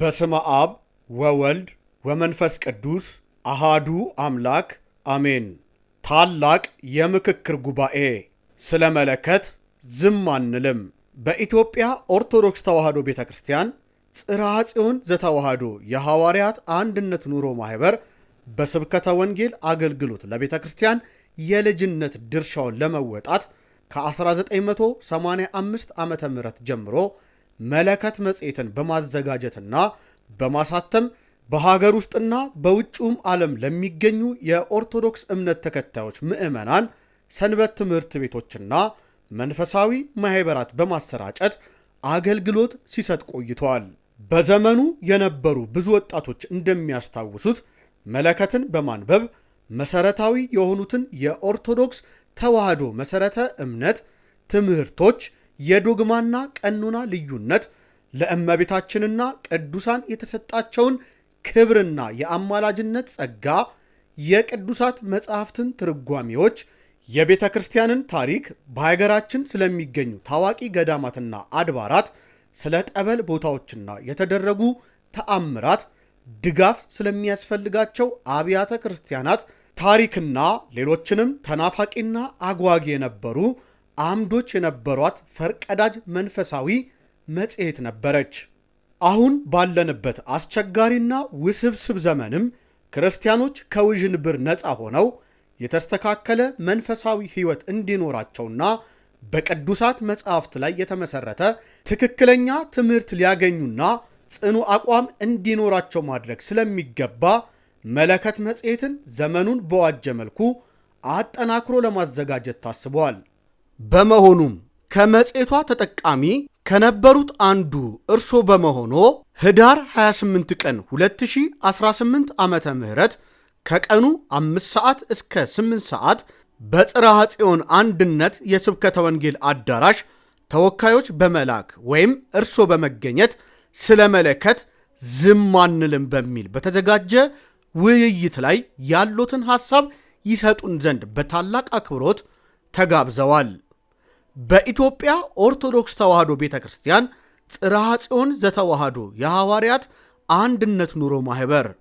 በስመ አብ ወወልድ ወመንፈስ ቅዱስ አሃዱ አምላክ አሜን። ታላቅ የምክክር ጉባኤ ስለ መለከት ዝም አንልም። በኢትዮጵያ ኦርቶዶክስ ተዋህዶ ቤተ ክርስቲያን ጽርሐ ጽዮን ዘተዋህዶ የሐዋርያት አንድነት ኑሮ ማኅበር በስብከተ ወንጌል አገልግሎት ለቤተ ክርስቲያን የልጅነት ድርሻውን ለመወጣት ከ1985 ዓ ም ጀምሮ መለከት መጽሔትን በማዘጋጀትና በማሳተም በሀገር ውስጥና በውጭውም ዓለም ለሚገኙ የኦርቶዶክስ እምነት ተከታዮች ምዕመናን ሰንበት ትምህርት ቤቶችና መንፈሳዊ ማኅበራት በማሰራጨት አገልግሎት ሲሰጥ ቆይተዋል። በዘመኑ የነበሩ ብዙ ወጣቶች እንደሚያስታውሱት መለከትን በማንበብ መሰረታዊ የሆኑትን የኦርቶዶክስ ተዋህዶ መሰረተ እምነት ትምህርቶች የዶግማና ቀኖና ልዩነት ለእመቤታችንና ቅዱሳን የተሰጣቸውን ክብርና የአማላጅነት ጸጋ፣ የቅዱሳት መጻሕፍትን ትርጓሜዎች፣ የቤተ ክርስቲያንን ታሪክ፣ በሀገራችን ስለሚገኙ ታዋቂ ገዳማትና አድባራት፣ ስለ ጠበል ቦታዎችና የተደረጉ ተአምራት፣ ድጋፍ ስለሚያስፈልጋቸው አብያተ ክርስቲያናት ታሪክና ሌሎችንም ተናፋቂና አጓጊ የነበሩ አምዶች የነበሯት ፈርቀዳጅ መንፈሳዊ መጽሔት ነበረች። አሁን ባለንበት አስቸጋሪና ውስብስብ ዘመንም ክርስቲያኖች ከውዥንብር ነፃ ሆነው የተስተካከለ መንፈሳዊ ሕይወት እንዲኖራቸውና በቅዱሳት መጻሕፍት ላይ የተመሠረተ ትክክለኛ ትምህርት ሊያገኙና ጽኑ አቋም እንዲኖራቸው ማድረግ ስለሚገባ መለከት መጽሔትን ዘመኑን በዋጀ መልኩ አጠናክሮ ለማዘጋጀት ታስበዋል። በመሆኑም ከመጽሔቷ ተጠቃሚ ከነበሩት አንዱ እርሶ በመሆኖ ህዳር 28 ቀን 2018 ዓ ም ከቀኑ 5 ሰዓት እስከ 8 ሰዓት በጽርሐ ጽዮን አንድነት የስብከተ ወንጌል አዳራሽ ተወካዮች በመላክ ወይም እርሶ በመገኘት ስለ መለከት ዝም አንልም በሚል በተዘጋጀ ውይይት ላይ ያሉትን ሐሳብ ይሰጡን ዘንድ በታላቅ አክብሮት ተጋብዘዋል። በኢትዮጵያ ኦርቶዶክስ ተዋሕዶ ቤተ ክርስቲያን ጽርሐ ጽዮን የሐዋርያት አንድነት ኑሮ ማኅበር